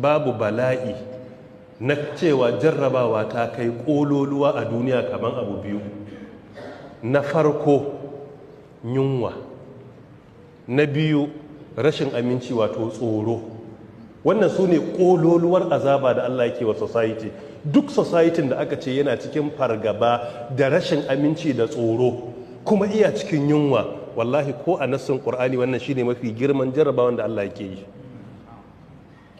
babu bala'i na cewa jarrabawa ta kai ƙololuwa a duniya kamar abu biyu na farko yunwa na biyu rashin aminci wato tsoro wannan su ne ƙololuwar azaba da allah ke wa society duk society da aka ce yana cikin fargaba da rashin aminci da tsoro kuma iya cikin yunwa wallahi ko a nassin ƙur'ani wannan shine mafi girman jarrabawan da allah ke yi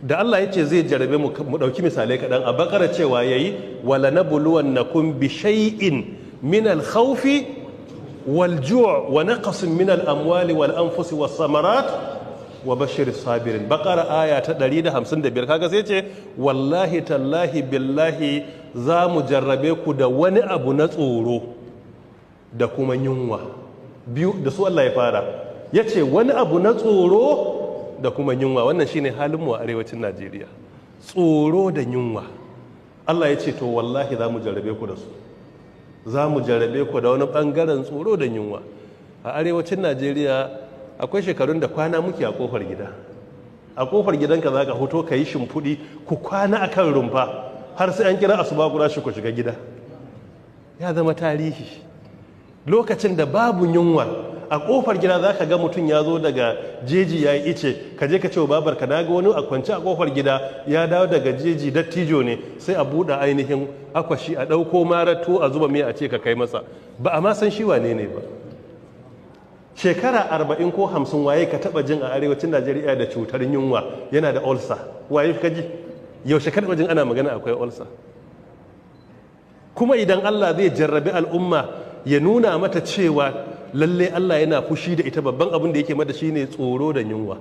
da Allah ya ce zai jarabe mu ɗauki misalai kaɗan a bakara cewa ya yi wala na buluwan na kun bi shay'in min alkhawfi wal ju' wa naqsin min al amwali wal anfusi was samarat wa bashir sabirin bakara aya ta 155 kaga sai ce wallahi tallahi billahi za mu jarrabe ku da wani abu na tsoro da kuma yunwa biyu da su Allah ya fara yace wani abu na tsoro da kuma yunwa wannan shine halin mu a arewacin Najeriya tsoro da yunwa Allah ya ce to wallahi za mu jarrabe ku da su za mu jarrabe ku da wani bangaren tsoro da yunwa a arewacin Najeriya akwai shekarun da kwana muke a kofar gida a kofar gidanka za ka hoto ka yi shimfiɗi ku kwana a kan rumfa har sai an kira asuba ku shi ku shiga gida ya zama tarihi lokacin da babu yunwa a kofar gida za ka ga mutum ya zo daga jeji ya yi ice ka je ka ce babar ka daga wani a kwance a kofar gida ya dawo daga jeji dattijo ne sai a buɗe ainihin akwashi a ɗauko maratu a zuba mai a ce ka kai masa ba a ma san shi wane ne ba shekara arba'in ko hamsin waye ka taɓa jin a arewacin najeriya da cutar yunwa yana da olsa waye ka ji yaushe ka jin ana magana akwai olsa kuma idan allah zai jarrabi al'umma ya nuna mata cewa lalle Allah yana fushi da ita babban abin da yake mata shine tsoro da yunwa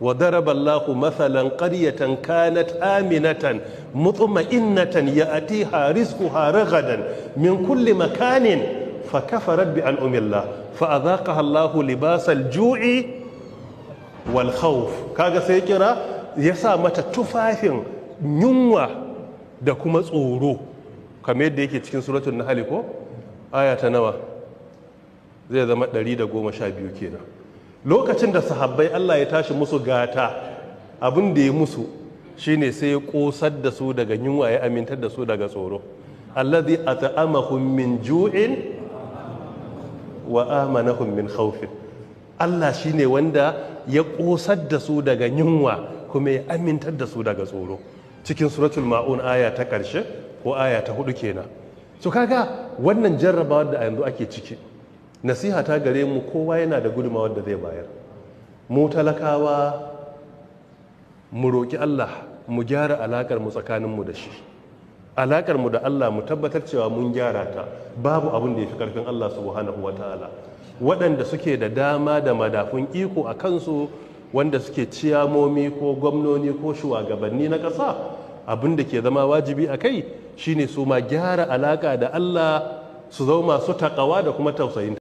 wa daraba Allahu mathalan qaryatan kanat aminatan mutma'innatan ya'tiha rizquha haragadan min kulli makanin fa kafarat bi an'ami Allah fa adhaqaha Allahu libasal ju'i wal khawf kaga sai kira yasa mata tufafin yunwa da kuma tsoro kamar yadda yake cikin suratul nahl ko aya ta nawa zai zama 112 kenan lokacin da sahabbai Allah ya tashi musu gata abin da ya musu shine sai ya kosar da su daga yunwa ya amintar da su daga tsoro alladhi at'amahum min ju'in wa amanahum min khawfin Allah shine wanda ya kosar da su daga yunwa kuma ya amintar da su daga tsoro cikin suratul ma'un aya ta ƙarshe ko aya ta hudu kenan so kaga wannan jarrabawar da a yanzu ake ciki nasiha ta gare mu kowa yana da gudunmawar da zai bayar mu talakawa mu roƙi Allah mu gyara alaƙar mu tsakanin da shi alaƙar mu da Allah mu tabbatar cewa mun gyara ta babu abin da ya fi ƙarfin Allah subhanahu wa ta'ala waɗanda suke da dama da madafun iko a kansu wanda suke ciyamomi ko gwamnoni ko shugabanni na ƙasa abin da ke zama wajibi a kai shine su ma gyara alaka da Allah su zo masu takawa da kuma tausayin